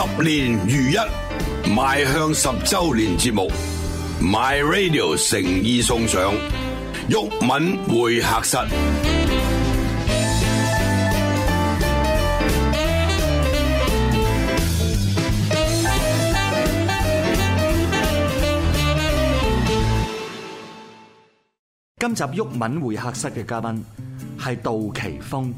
十年如一，邁向十周年節目，My Radio 誠意送上。毓民會客室。今集毓民會客室嘅嘉賓係杜琪峰。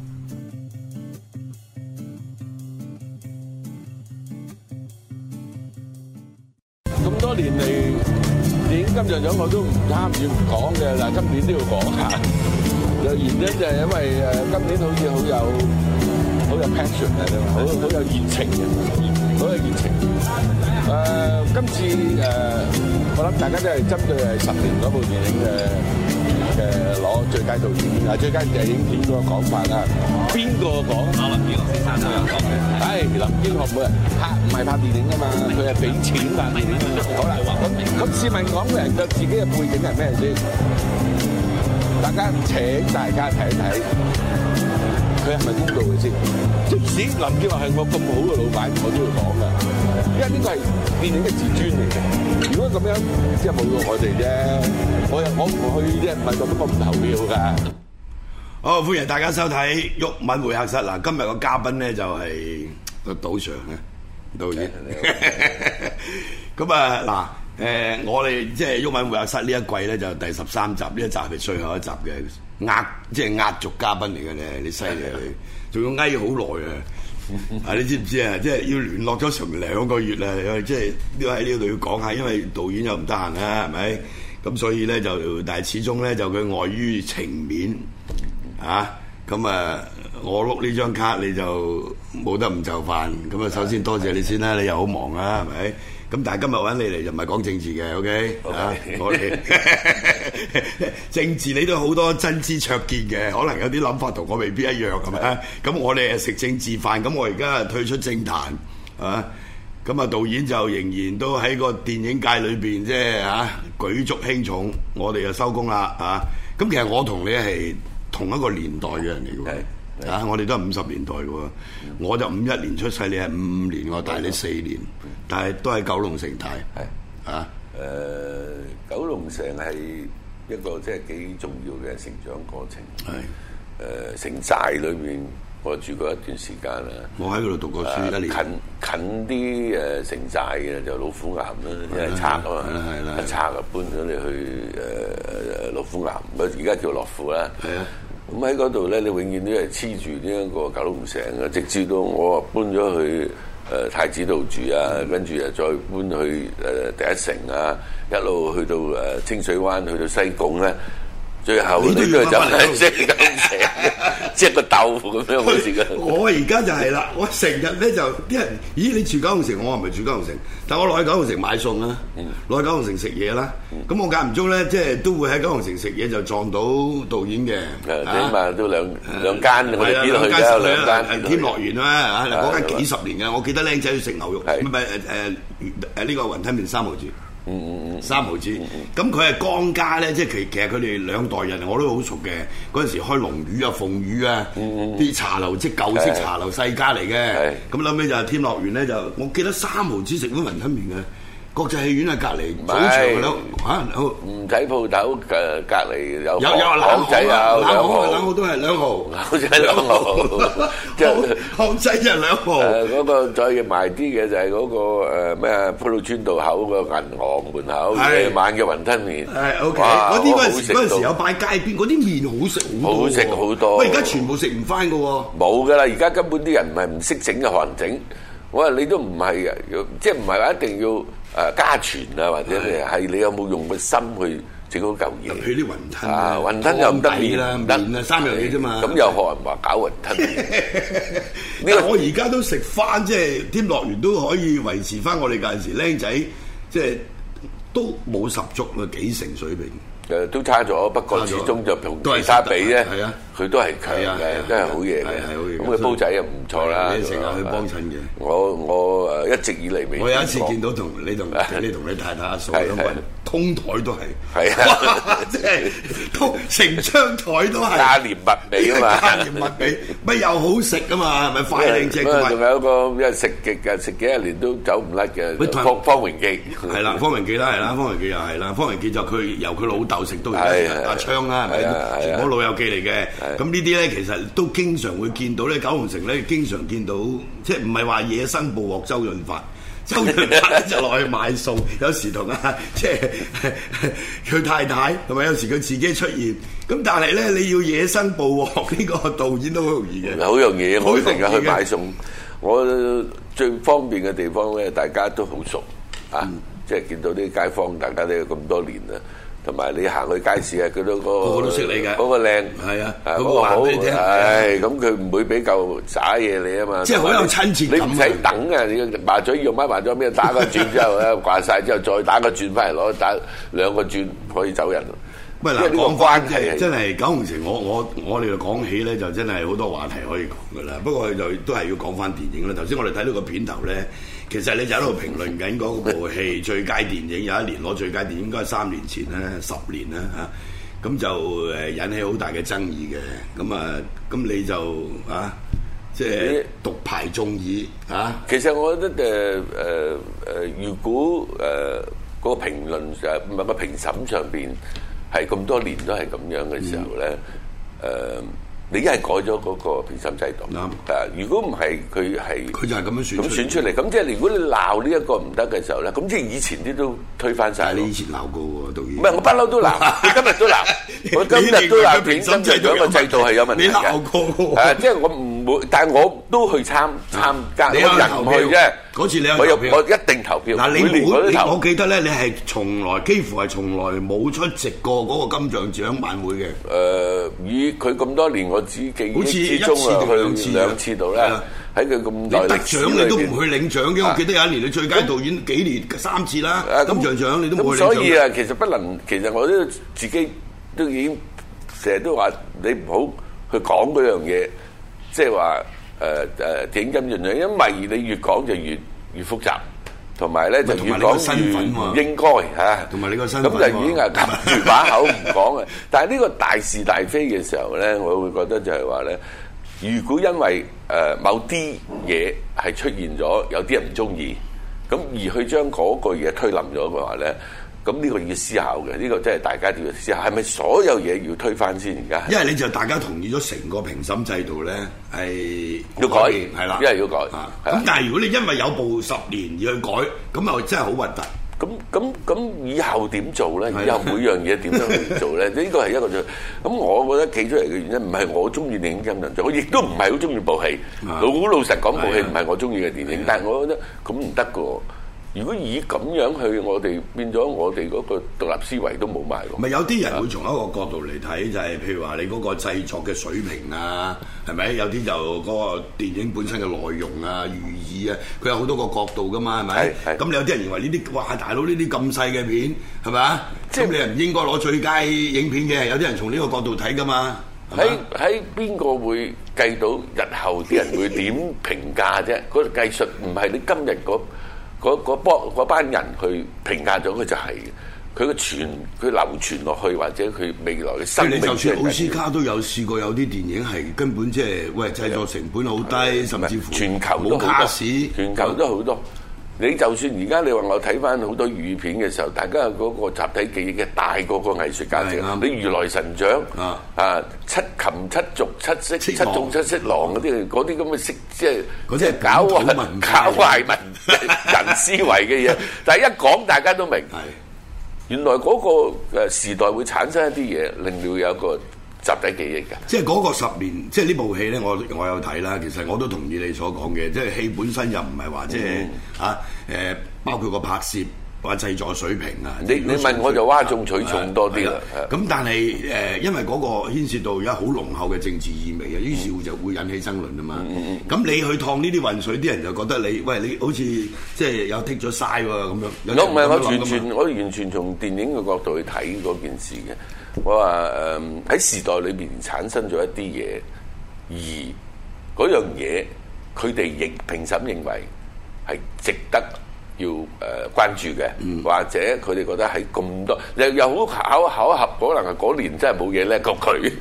多年嚟電影金像獎我都唔參與唔講嘅，嗱今年都要講下。有原因就係、是、因為誒，今年好似好有好有 passion 嘅，好好有熱情嘅，好有熱情。誒、呃，今次誒、呃，我諗大家都係針對係十年嗰部電影嘅。誒攞最佳導演啊，最佳電影片嗰個講法啦，邊個講？林建華先生都有講。誒嗱，林建華唔會拍唔係拍電影㗎嘛，佢係俾錢㗎。好啦，咁咁市民講嘅人嘅自己嘅背景係咩先？大家請大家睇一睇，佢係咪工作嘅先？即使林建華係我咁好嘅老闆，我都要講㗎。因為呢個係電影嘅自尊嚟嘅，如果咁樣，只係侮辱我哋啫。我又我唔去，啲人問我都我唔投票噶。好，歡迎大家收睇毓民會客室啦。今日個嘉賓咧就係個杜 Sir 咧，導演。咁啊，嗱，誒，我哋即係毓民會客室呢一季咧就第十三集，呢一集係最後一集嘅壓，即係壓軸嘉賓嚟嘅咧。你犀利，你仲要挨好耐啊！ 啊！你知唔知啊？即係要聯絡咗成兩個月咧，即係要喺呢度要講下，因為導演又唔得閒啦，係咪？咁所以咧就，但係始終咧就佢礙於情面，啊！咁啊，我碌呢張卡你就冇得唔就範。咁啊，首先多謝謝你先啦，你又好忙啦，係咪？咁但係今日揾你嚟就唔係講政治嘅 okay?，OK？啊，我哋。 政治你都好多真知灼見嘅，可能有啲諗法同我未必一樣咁啊。咁我哋誒食政治飯，咁我而家退出政壇啊。咁啊導演就仍然都喺個電影界裏邊，即係啊舉足輕重。我哋又收工啦啊。咁其實我同你係同一個年代嘅人嚟嘅，啊我哋都係五十年代嘅，我就五一年出世，你係五五年，我大你四年，是但係都喺九龍城大係啊。誒、呃、九龍城係一個即係幾重要嘅成長過程。係誒、呃、城寨裏面，我住過一段時間啊！我喺嗰度讀過書，啊、一年。近近啲誒城寨嘅就老虎岩啦，因為拆啊嘛。係啦係啦，搬咗你去誒誒誒老虎岩，而家、呃、叫落虎樂富啦。係啊，咁喺嗰度咧，你永遠都係黐住呢一個九龍城嘅，直至到我搬咗去。誒，太子道住啊，跟住啊，再搬去誒第一城啊，一路去到誒清水灣，去到西貢咧。最後呢個 就嚟，九龍城，即係個豆腐咁樣好我而家就係啦，我成日咧就啲人，咦？你住九龍城，我唔係住九龍城？但我落去九龍城買餸啦，落、嗯、去九龍城食嘢啦。咁、嗯、我間唔中咧，即係都會喺九龍城食嘢，就撞到導演嘅。誒、嗯，起、啊、碼都兩兩間嗰間去啦。兩間、啊啊啊，天樂園啊，嗰、啊、間幾十年嘅、啊啊，我記得僆仔要食牛肉，唔係誒誒呢個雲吞麵三毫紙。嗯嗯嗯，三毫子，咁佢係江家咧，即係其其實佢哋兩代人，我都好熟嘅。嗰陣時開龍魚啊、鳳魚啊，啲茶樓，即係舊式茶樓世家嚟嘅。咁諗屘就係天樂園咧，就我記得三毫子食咗雲吞麵嘅。國際戲院係隔離，唔係，嚇唔使鋪頭嘅隔離有。有兩仔有兩有兩毫都係兩毫，即係兩毫。即係巷仔兩毫。誒嗰個再賣啲嘅就係嗰個咩啊？蒲崗村道口個銀行門口夜晚嘅雲吞麵。係 OK，嗰啲嗰陣時嗰陣時有擺街邊，嗰啲麵好食好多。喂，而家全部食唔翻㗎喎。冇㗎啦，而家根本啲人唔係唔識整嘅，學人整。我話你都唔係啊，即係唔係話一定要。誒家傳啊，或者係你有冇用個心去整嗰嚿嘢？譬啲雲吞啊，啊雲吞就唔得麵，得三樣嘢啫嘛。咁又學人話搞雲吞。 我而家都食翻，即係添樂園都可以維持翻我哋嗰陣時僆仔，即係都冇十足嘅幾成水平。誒、啊，都差咗，不過始終就同其他比咧。係啊。佢都係強嘅，都係好嘢嘅。咁嘅煲仔又唔錯啦。成日去幫襯嘅。我我誒一直以嚟未。我有一次見到同你同你同你太太阿嫂，因為通台都係。係啊，即係通成張台都係。價廉物美啊嘛！價廉物美，咪又好食啊嘛，咪快靚正。咁啊，仲有一個咩食極嘅，食、就是、幾十年都走唔甩嘅。方方榮記啦，方榮、嗯 tamam 啊、記啦，係啦、so totally so 啊，方榮記又係啦，方榮記就佢由佢老豆食到而家阿昌啦，係咪？全部老友記嚟嘅。咁呢啲咧，其實都經常會見到咧，九龍城咧，經常見到，即係唔係話野生捕獲周潤發，周潤發就落去買餸， 有時同啊即係佢太太，同埋有時佢自己出現。咁但係咧，你要野生捕獲呢個導演都好容易嘅，好容易，我成日去買餸。我最方便嘅地方咧，大家都好熟、嗯、啊，即係見到啲街坊，大家都有咁多年啦。同埋你行去街市，嗰個嗰個，啊，佢，嗰，都個個都識你嘅，嗰個靚係啊，嗰個好係咁，佢唔會俾嚿渣嘢你啊嘛。即係好有親切感。你唔使等啊，你麻雀 要買埋咗咩？打個轉之後咧，掛晒之後再打個轉翻嚟攞打兩個轉可以走人。喂嗱，講翻即係真係九龍城，我我我哋講起咧就真係好多話題可以講㗎啦。不過就都係要講翻電影啦。頭先我哋睇到個片頭咧。其實你就喺度評論緊嗰部戲 最佳電影，有一年攞最佳電影，應該係三年前啦，十年啦。嚇、啊，咁就誒引起好大嘅爭議嘅，咁啊，咁你就啊，即係獨排眾議啊。其實我覺得誒誒誒，如果誒嗰個評論唔係唔係評審上邊係咁多年都係咁樣嘅時候咧，誒、嗯。呃你一係改咗嗰個評審制度，嗱、嗯啊，如果唔係佢係，佢就係咁樣選，咁選出嚟，咁即係如果你鬧呢一個唔得嘅時候咧，咁即係以前啲都推翻晒。你以前鬧過喎，導演，唔係我不嬲都鬧， 你今日都鬧，我今日都鬧評審制度嘅制度係有問題嘅，係、啊、即係我唔。每但係我都去參參加，你有投票嘅嗰次，你我有票，我一定投票。嗱，你每我記得咧，你係從來幾乎係從來冇出席過嗰個金像獎晚會嘅。誒，以佢咁多年，我只記憶之中啊，兩次度咧，喺佢咁耐。你得獎你都唔去領獎嘅。我記得有一年你最佳導演幾年三次啦，金像獎你都冇去領獎。所以啊，其實不能，其實我都自己都已經成日都話你唔好去講嗰樣嘢。即係話誒誒電影金像獎，因為你越講就越越複雜，同埋咧就同越講越唔應該嚇。同埋你個身份咁就已經係攬住把口唔講啊！ 但係呢個大是大非嘅時候咧，我會覺得就係話咧，如果因為誒某啲嘢係出現咗，有啲人唔中意，咁而去將嗰句嘢推冧咗嘅話咧。咁、這、呢個要思考嘅，呢、這個真係大家要思考，係咪所有嘢要推翻先？而家，因為你就大家同意咗成個評審制度咧，係要改，係啦，因為要改。咁但係如果你因為有部十年要去改，咁又真係好核突。咁咁咁以後點做咧？以後每樣嘢點樣去做咧？呢個係一個就咁，我覺得企出嚟嘅原因唔係我中意電影咁樣，我亦都唔係好中意部戲，好老實講，部戲唔係我中意嘅電影。但係我覺得咁唔得嘅。如果以咁樣去，我哋變咗，我哋嗰個獨立思維都冇埋喎。唔係有啲人會從一個角度嚟睇，就係譬如話你嗰個製作嘅水平啊，係咪？有啲就個電影本身嘅內容啊、寓意啊，佢有好多個角度噶嘛，係咪？咁你有啲人認為呢啲，哇！大佬呢啲咁細嘅片係咪啊？即係你唔應該攞最佳影片嘅？有啲人從呢個角度睇噶嘛？喺喺邊個會計到日後啲人會點評價啫？嗰個技術唔係你今日嗰。嗰班人去評價咗佢就係，佢個傳佢流傳落去或者佢未來嘅生命。即你就算奧斯卡都有試過有啲電影係根本即係，喂，製作成本好低，甚至乎全球冇卡士，全球都好多。你就算而家你話我睇翻好多語片嘅時候，大家有嗰個集體記憶嘅大過個藝術價值。你如來神掌啊，七擒七縱七色七縱七色狼嗰啲，啲咁嘅色，即係即係搞啊搞壞文 人思維嘅嘢。但係一講大家都明白，原來嗰個誒時代會產生一啲嘢，令到有一個。集體記憶㗎，即係嗰個十年，即係呢部戲咧，我我有睇啦。其實我都同意你所講嘅，即係戲本身又唔係話即係嚇誒，包括個拍攝或製作水平啊。你你，你問我就嘩眾取寵多啲啦。咁但係誒、呃，因為嗰個牽涉到有好濃厚嘅政治意味啊、嗯，於是就會引起爭論啊、嗯、嘛。咁、嗯嗯、你去趟呢啲混水，啲人就覺得你喂你好似即係有剔咗嘥喎咁樣。我唔係我，我完全我完全從電影嘅角度去睇嗰件事嘅。我話誒喺時代裏邊產生咗一啲嘢，而嗰樣嘢佢哋亦評審認為係值得要誒關注嘅。嗯、或者佢哋覺得係咁多又又好巧巧合，可能係嗰年真係冇嘢叻過佢，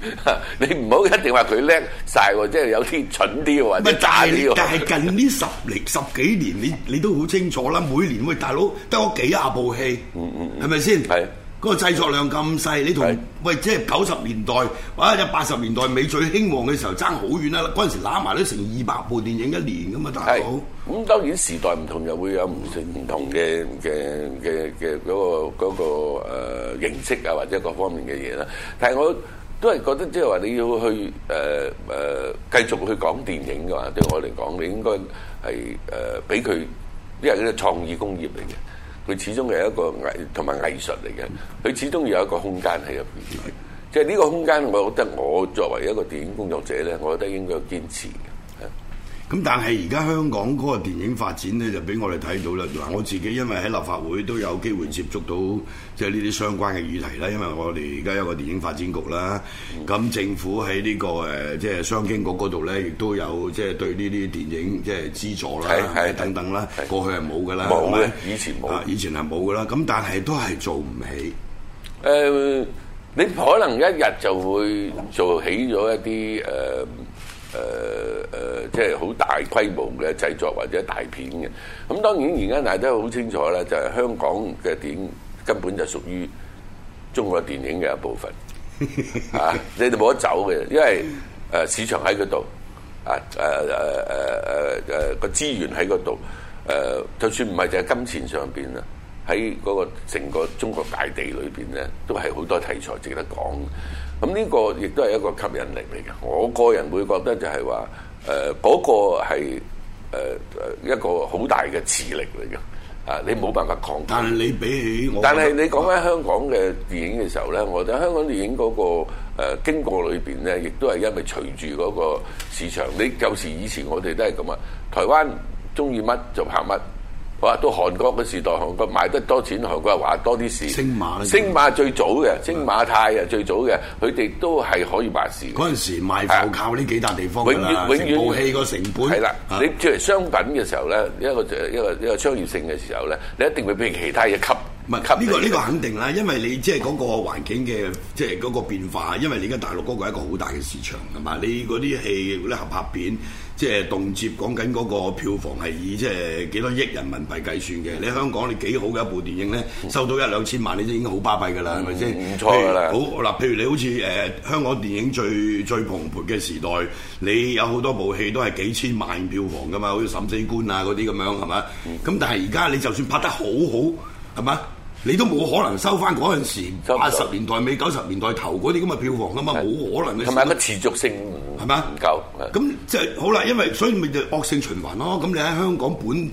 你唔好一定話佢叻晒，即係有啲蠢啲或者渣啲。但係近呢十零 十幾年，你你都好清楚啦，每年喂大佬得嗰幾廿部戲，係咪先？嗰個製作量咁細，你同喂即係九十年代或者八十年代尾最興旺嘅時候爭好遠啦。嗰陣時攬埋都成二百部電影一年咁嘛，大佬。咁當然時代唔同，又會有唔同唔同嘅嘅嘅嘅嗰個嗰個誒形式啊，或者各方面嘅嘢啦。但係我都係覺得，即係話你要去誒誒繼續去講電影嘅話，對我嚟講，你應該係誒俾佢，因為呢個創意工業嚟嘅。佢始終係一個藝同埋藝術嚟嘅，佢始終要有一個空間喺入邊嘅，即係呢個空間，我覺得我作為一個電影工作者咧，我覺得應該要堅持嘅。咁但係而家香港嗰個電影發展咧，就俾我哋睇到啦。我自己因為喺立法會都有機會接觸到即係呢啲相關嘅議題啦，因為我哋而家有一個電影發展局啦。咁政府喺呢、呢個即係商經局嗰度咧，亦都有即係對呢啲電影即係資助啦、等等啦。過去係冇噶啦，冇嘅，以前冇、嗯，以前係冇噶啦。咁但係都係做唔起、呃。你可能一日就會做起咗一啲誒、呃、誒、呃，即係好大規模嘅製作或者大片嘅。咁當然而家大家都好清楚喇，就係、是，香港嘅電影根本就屬於中國電影嘅一部分 啊！你哋冇得走嘅，因為、啊、市場喺嗰度啊，誒誒誒誒，個資源喺嗰度誒，就算唔係就係金錢上面啦。喺嗰個整個中國大地裏邊咧，都係好多題材值得講的。咁呢個亦都係一個吸引力嚟嘅。我個人會覺得就係話，誒、呃、嗰個係誒、呃、一個好大嘅磁力嚟嘅。啊，你冇辦法抗拒。但係你比起，但係你講返香港嘅電影嘅時候咧，我覺得香港電影嗰個誒、呃、經過裏邊咧，亦都係因為隨住嗰個市場。你舊時以前我哋都係咁啊，台灣中意乜就拍乜。到韓國嘅時代，韓國賣得多錢，韓國又話多啲事星馬多嘅。星馬最早嘅，星馬泰啊最早嘅，佢哋都係可以話事的。嗰陣時賣埠靠呢幾笪地方㗎啦，成部戲個成本。係啦，你作為商品嘅時候咧，一個一個一個商業性嘅時候咧，你一定會畀其他嘢吸引。唔係、呢個呢、呢個肯定啦，因為你即係嗰個環境嘅即係嗰個變化，因為你而家大陸嗰個係一個好大嘅市場係嘛，你嗰啲戲嗰合拍片即係、就是、動輒講緊嗰個票房係以即係幾多億人民幣計算嘅。你香港你幾好嘅一部電影咧，收到一兩千萬，你都已經很、嗯、好巴閉㗎啦，係咪先？唔錯好嗱，譬如你好似誒香港電影最最蓬勃嘅時代，你有好多部戲都係幾千萬票房㗎嘛，好似《審死官》啊嗰啲咁樣係嘛？咁、嗯、但係而家你就算拍得好好係嘛？是吧。你都冇可能收翻嗰陣時八十年代尾九十年代頭嗰啲咁嘅票房㗎嘛，冇可能嘅。係咪有乜持續性足？係咪啊？唔夠。咁即係好啦，因為所以咪就惡性循環咯。咁你喺香港本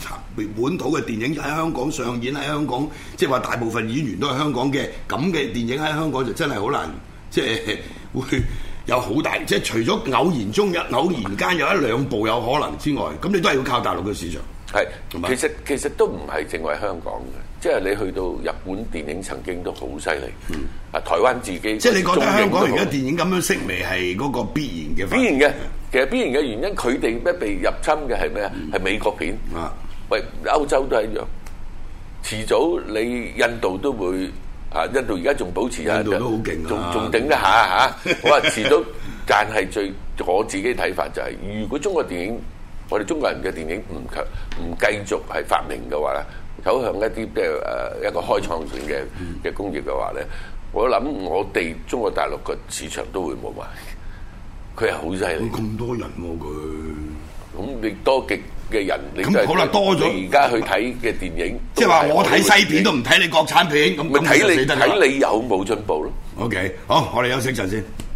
本土嘅電影喺香港上演，喺香港即係話大部分演員都係香港嘅，咁嘅電影喺香港就真係好難，即係、就是、會有好大。即、就、係、是、除咗偶然中有偶然間有一兩部有可能之外，咁你都係要靠大陸嘅市場。係，其實其實都唔係淨係香港嘅。即係你去到日本電影曾經都好犀利，啊台灣自己即係你講香港而家電影咁樣式微係嗰個必然嘅必然嘅，其實必然嘅原因佢哋咩被入侵嘅係咩啊？係美國片啊，喂歐洲都係一樣，遲早你印度都會啊，印度而家仲保持喺度，印度都好勁啊，仲仲頂得下啊嚇！我話，遲早，但係最我自己睇法就係，如果中國電影。我哋中國人嘅電影唔強，唔繼續係發明嘅話咧，走向一啲即係誒一個開創性嘅嘅工業嘅話咧，我諗我哋中國大陸個市場都會冇埋。佢係好犀利。咁多人喎佢，咁你多極嘅人，咁好啦，多咗。你而家去睇嘅電影，即係話我睇西片都唔睇你國產片，咁睇你睇你有冇進步咯？OK，好，我哋休息陣先。